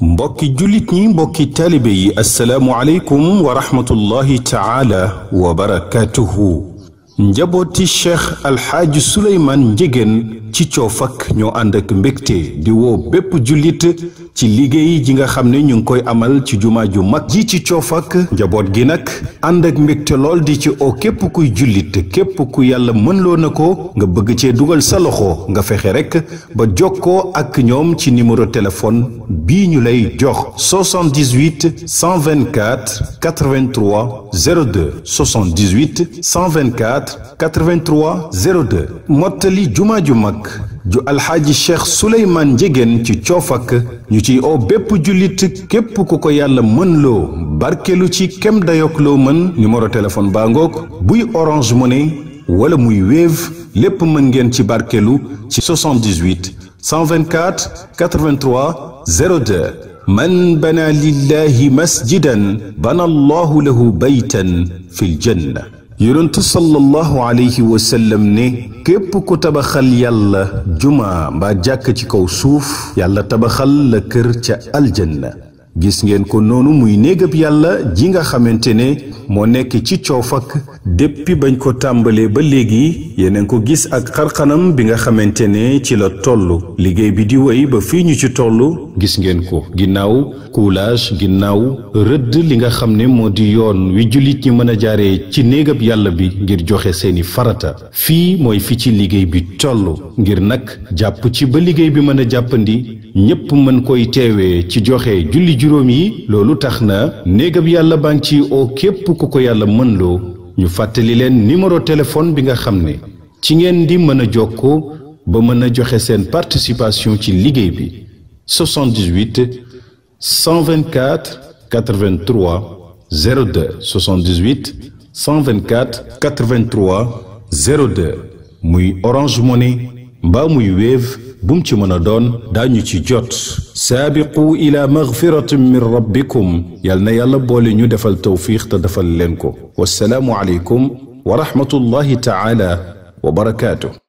mbokki jullit ñi mbokki taalibe yi assalaamu aleykum wa rahmatullahi taala wa barakatuhu njabooti cheikh alxaaji suleymaan njegéen ci coofak ñoo ànd ak mbégte di wo bépp julit ci liggéey ji nga xam koy amal ci juma ju mag ji ci coofak njabot gi nak ànd ak mbégte lool di ci o képp kuy julit képp ku yalla mën lo nako nga bëgg ci dugal sa loxo nga fexé rek ba joko ak ñom ci numéro téléphone bi ñu lay jox 78 124 83 02 78 124 83 02 motali juma ju mak ju alxaaji cheikh suleymaan njegéen ci coofak ñu ciy oo bépp jullit képp ku ko yàlla mën loo barkelu ci kem dayok loo mën numéro téléphone baa ko buy orange money wala muy wéev lépp mën ngeen ci barkelu ci 78 124 83 02 man bana lillahi masjidan bana allahu lahu baytan fi ljanna يرنت صلى الله عليه وسلم ني كيب كو تبخل يالا جمعه با جاك سوف يالا تبخل لكر الجنه gis ngeen ko noonu muy néegab yàlla ji nga xamante ne moo nekk ci coof ak déppi bañ ko tàmbalee ba léegi yeneen ko gis ak xarxanam bi nga xamante ne ci la toll liggéey bi di woy ba fii ñu ci toll gis ngeen ko ginnaaw coulage ginnaaw rëdd li nga xam ne moo di yoon wi jullit ñi mën a jaaree ci néegab yàlla bi ngir joxe seeni farata fii mooy fi ci liggéey bi toll ngir nag jàpp ci ba liggéey bi mën a jàppandi ñépp mën koy teewee ci joxe julli juróom yi loolu tax na néegab yàlla ci oo képp ku ko yàlla mënloo ñu fàttali leen numéro téléphone bi nga xam ne ci ngeen di mën a ba mën joxe seen participation ci liggéey bi 78 124 83 02 78 124 83 02 muy Orange Money mbaa muy Wave بمتي منادون دانيو تي جوت سابقوا الى مغفره من ربكم يالنا يالا بولي نيو دفال توفيق تدفال لينكو والسلام عليكم ورحمه الله تعالى وبركاته